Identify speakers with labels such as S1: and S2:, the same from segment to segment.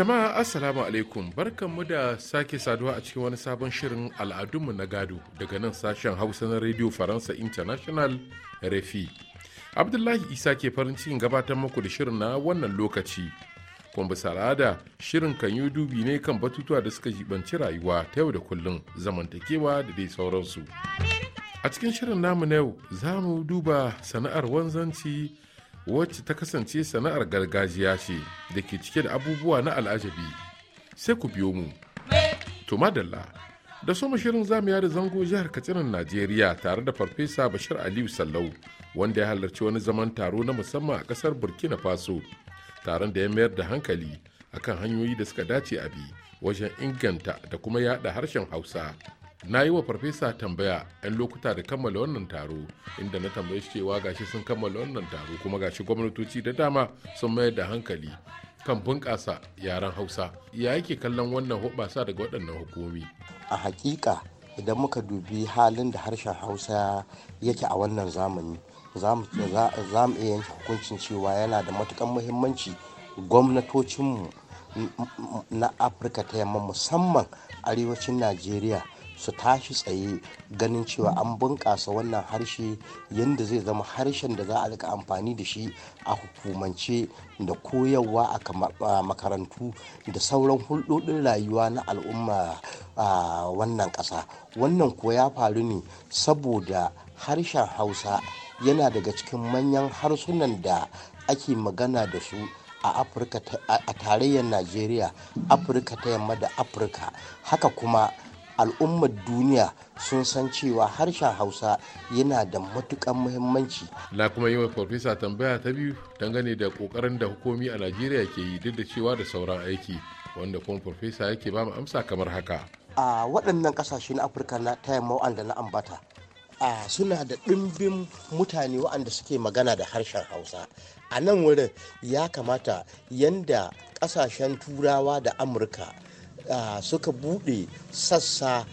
S1: Jama'a Assalamu alaikum barkan mu da sake saduwa a cikin wani sabon shirin al'adunmu na gado daga nan sashen Hausa na Radio Faransa International refi Abdullahi Isa ke farin cikin gabatar muku da shirin na wannan lokaci. Kuma bisa al'ada shirin kan yi dubi ne kan batutuwa da suka jibanci rayuwa ta yau da kullum zamantakewa da dai sauransu. A cikin shirin namu na yau za mu duba sana'ar wanzanci wacce ta kasance sana'ar gargajiya ce da ke cike da abubuwa na al'ajabi sai ku biyo mu to madalla da soma shirin zamu da zango jihar katsinan najeriya tare da farfesa bashir aliyu sallau wanda ya halarci wani zaman taro na musamman a kasar burkina faso taron da ya mayar da hankali akan hanyoyi da suka dace a bi wajen inganta da kuma yada harshen hausa na yi wa farfesa tambaya 'yan lokuta da kammala wannan taro inda na tambaye shi cewa gashi sun kammala wannan taro kuma gashi gwamnatoci da dama sun mayar da hankali kan bunƙasa yaren hausa ya yake kallon wannan hoɓasa daga waɗannan hukumi
S2: a hakika idan muka dubi halin da harshen hausa yake a wannan zamani za mu iya yanke hukuncin cewa yana da matukan muhimmanci gwamnatocinmu na afirka ta yamma musamman arewacin najeriya su tashi tsaye ganin cewa an bunƙasa wannan harshe yadda zai zama harshen da za a rika amfani da shi a hukumance da koyarwa a makarantu da sauran hulɗoɗin rayuwa na al'umma a wannan ƙasa wannan kuwa ya faru ne saboda harshen hausa yana daga cikin manyan harsunan da ake magana da su a a tarayyar najeriya afirka ta yamma da afirka haka kuma al'ummar duniya sun san cewa harshen hausa yana da matukan
S1: muhimmanci na kuma yi wa farfesa tambaya ta biyu dangane da kokarin da hukumi a najeriya ke yi duk da cewa da sauran aiki wanda kuma farfesa yake ba mu amsa kamar haka
S2: a waɗannan ƙasashe na afirka na ta da na ambata a suna da ɗimbin mutane waɗanda suke magana da harshen hausa a nan wurin ya kamata yanda ƙasashen turawa da amurka suka buɗe sassa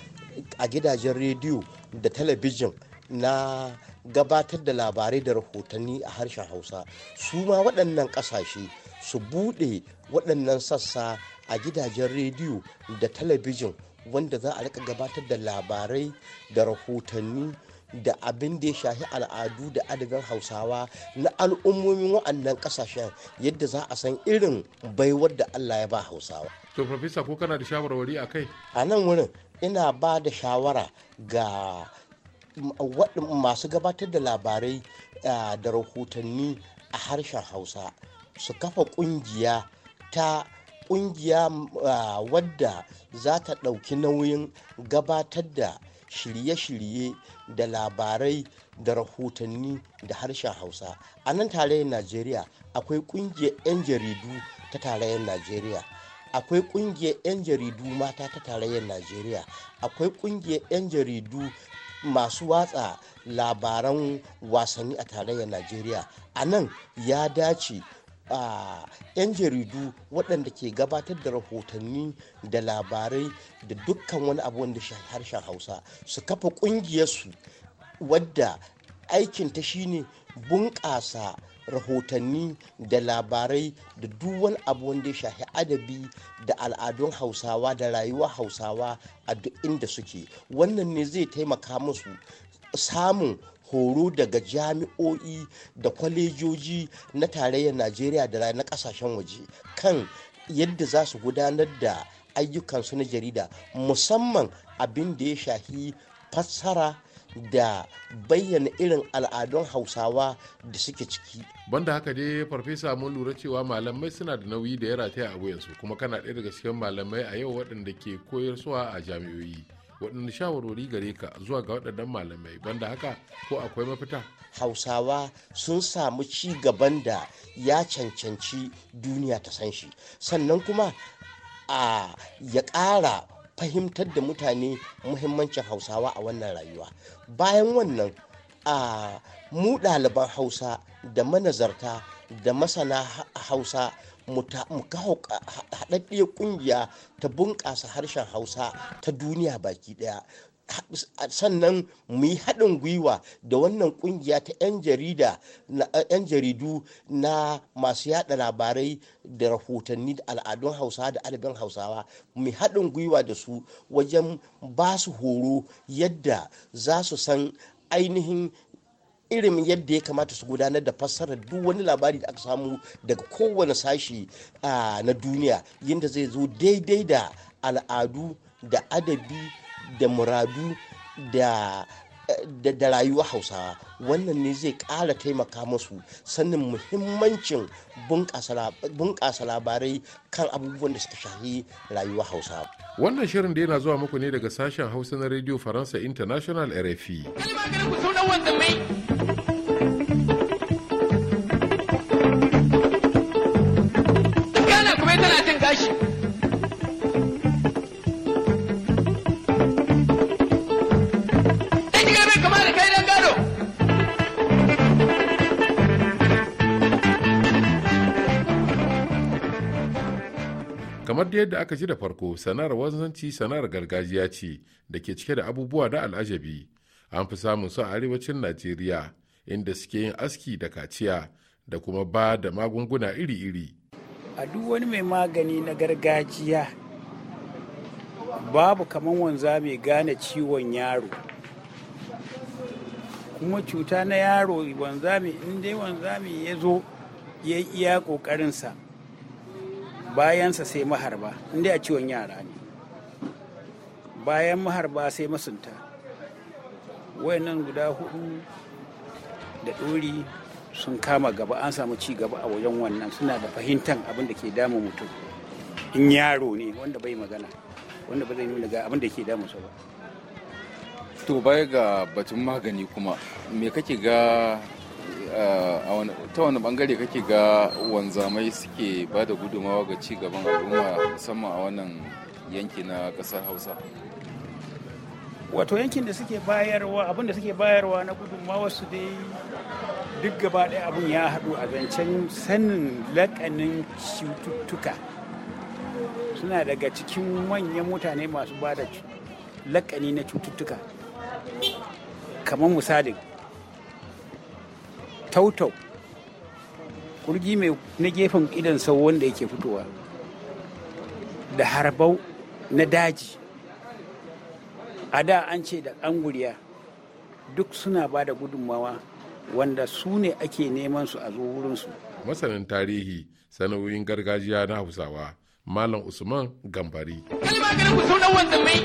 S2: a gidajen rediyo da talabijin na gabatar da labarai da rahotanni a harshen hausa su ma waɗannan ƙasashe su buɗe waɗannan sassa a gidajen rediyo da talabijin wanda za a rika gabatar da labarai da rahotanni da abin da ya shafi al'adu da adabin hausawa na al'ummomin wa'annan kasashen yadda za a san irin baiwar da allah ya ba hausawa
S1: to profesa ko kana da shawarwari a kai a nan wurin
S2: ina ba da shawara ga masu gabatar da labarai da rahotanni a harshen hausa su kafa kungiya ta kungiya wadda za ta ɗauki nauyin gabatar da shirye-shirye da labarai da rahotanni da harshen hausa a nan tarayyar najeriya akwai ƙungiyar 'yan jaridu ta tarayyar najeriya akwai ƙungiyar 'yan jaridu mata ta tarayyar najeriya akwai ƙungiyar 'yan jaridu masu watsa labaran wasanni a tarayyar najeriya a nan ya dace a 'yan jaridu waɗanda ke gabatar da rahotanni da labarai da dukkan wani abu wanda harshen hausa su kafa ƙungiyarsu wadda aikin ta shine bunƙasa rahotanni da labarai da duk wani abu wanda ya adabi da al'adun hausawa da rayuwa hausawa a duk inda suke wannan ne zai taimaka musu samun horo daga jami'o'i da kwalejoji na tarayyar najeriya da na kasashen waje kan yadda za su gudanar da ayyukansu na jarida musamman abin da ya shafi fassara da bayyana irin al'adun
S1: hausawa da suke ciki. banda haka dai farfesa mun lura cewa malamai suna da nauyi da ya rataya a wuyansu kuma kana ɗaya daga cikin malamai a yau waɗanda ke koyar suwa a jami'o'i waɗanne shawarwari gare ka zuwa ga waɗannan malamai banda haka ko akwai mafita
S2: hausawa sun samu ci gaban da ya cancanci duniya ta san shi sannan kuma a ya ƙara fahimtar da mutane muhimmancin hausawa a wannan rayuwa bayan wannan a mu ɗaliban hausa da manazarta da masana hausa mu kawo haɗaɗɗiyar ƙungiya ta bunƙasa harshen hausa ta duniya baki ɗaya sannan mu yi haɗin gwiwa da wannan ƙungiya ta 'yan jaridu na masu yada labarai da rahotanni da al'adun hausa da albin hausawa mu haɗin gwiwa da su wajen ba su horo yadda za su san ainihin irin yadda ya kamata su gudanar da fassarar duk wani labari da aka samu daga kowane sashi na duniya yadda zai zo daidai da al'adu da adabi da muradu da da rayuwa hausa wannan ne zai ƙara taimaka musu sanin muhimmancin bunƙasa
S1: labarai kan abubuwan da suka shafi rayuwa hausa. wannan shirin da yana zuwa muku ne daga sashen hausa na radio faransa international rfi kamar da yadda aka ji da farko sana'ar wanzanci sana'ar gargajiya ce da ke cike da abubuwa da al'ajabi an fi samun su a arewacin najeriya inda suke yin aski da kaciya da kuma ba da magunguna iri-iri
S3: a duk wani mai magani na gargajiya
S1: babu kamar wanza
S3: mai gane ciwon yaro kuma cuta na yaro wanzami mai inda wanzami ya zo ya iya ƙoƙarinsa bayansa sai maharba inda a ciwon yara ne bayan maharba sai masunta wayannan guda hudu da ɗori sun kama gaba an samu ci gaba a wajen wannan suna da fahimtar abin da ke damun mutum in yaro ne wanda bai magana wanda ba zai nuna ga abin da ke damun ba
S1: to baya ga batun magani kuma me kake ga ta wani bangare kake ga wanzamai suke ba da gudumawa ga ci gaban al'umma musamman a wannan yanki na kasar hausa wato
S3: yankin da suke bayarwa abin da suke bayarwa na gudunmawa su dai duk gaba ɗaya abin ya haɗu a zancen sanin lakanin cututtuka suna daga cikin manyan mutane masu ba da lakani na cututtuka kamar misalin tautau kurji mai na gefen idan sau wanda yake fitowa da harbau na daji a da an ce da anguriya duk suna ba da gudunmawa
S1: wanda su ne ake neman su a zo wurinsu masanin tarihi sana'o'in gargajiya na hausawa malam usman gambari kalma ku wanda mai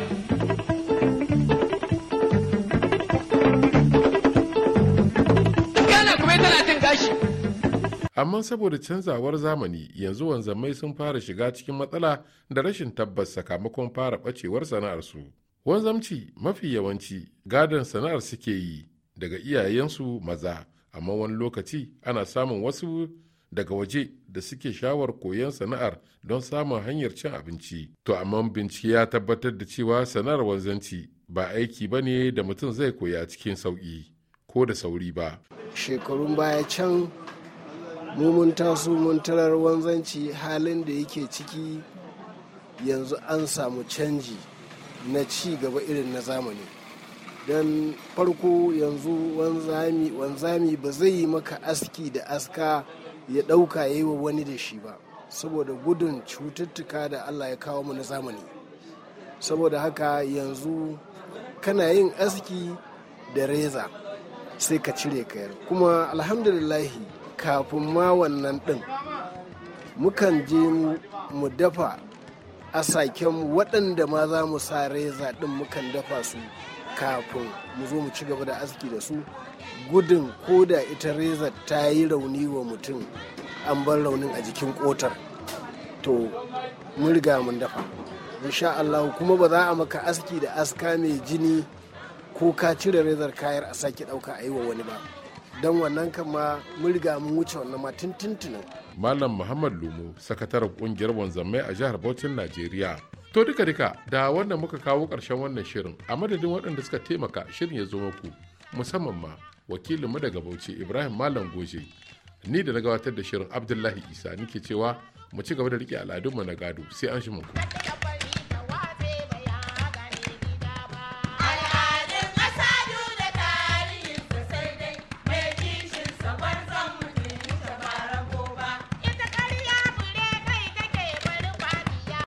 S1: amma saboda canzawar zamani yanzu wanzamai sun fara shiga cikin matsala da rashin tabbas sakamakon fara ɓacewar sana'arsu wanzamci mafi yawanci gadon sana'ar suke yi daga iyayensu maza amma wani lokaci ana samun wasu daga waje da suke shawar koyon sana'ar don samun hanyar cin abinci to amma bincike ya tabbatar da cewa sana'ar wanzanci ba aiki ba ne da mutum zai koya cikin sauƙi ko da sauri ba
S4: shekarun baya can mu mun taso mun tarar wanzanci halin da yake ciki yanzu an samu canji na ci gaba irin na zamani don farko yanzu wanzami wanzami ba zai yi maka aski da aska ya ɗauka ya yi wa wani da shi ba saboda gudun cututtuka da allah ya kawo mu na zamani saboda haka yanzu kana yin aski da reza sai ka cire kayar kuma alhamdulillahi kafin ma wannan ɗin mukan je mu dafa a asaken waɗanda ma za mu sa reza ɗin mukan dafa su kafin mu zo mu ci gaba da aski da su gudun ko da ita reza ta yi rauni wa mutum an bar raunin a jikin kotar to mun riga mun dafa insha Allah kuma ba za a maka aski da aska mai jini ko ka cire rezar kayar a sake ɗauka a yi wa wani ba don wannan kama mun riga mun wuce wannan ma tuntuntunin.
S1: Malam Muhammad Lumu, sakataren kungiyar wanzamai a jihar Bauchin Najeriya. To duka duka da wannan muka kawo ƙarshen wannan shirin a madadin waɗanda suka taimaka shirin ya zo muku musamman ma wakilin mu daga Bauchi Ibrahim Malam Goje. Ni da na gabatar da shirin Abdullahi Isa nike cewa mu ci gaba da riƙe al'adunmu na gado sai an shi muku.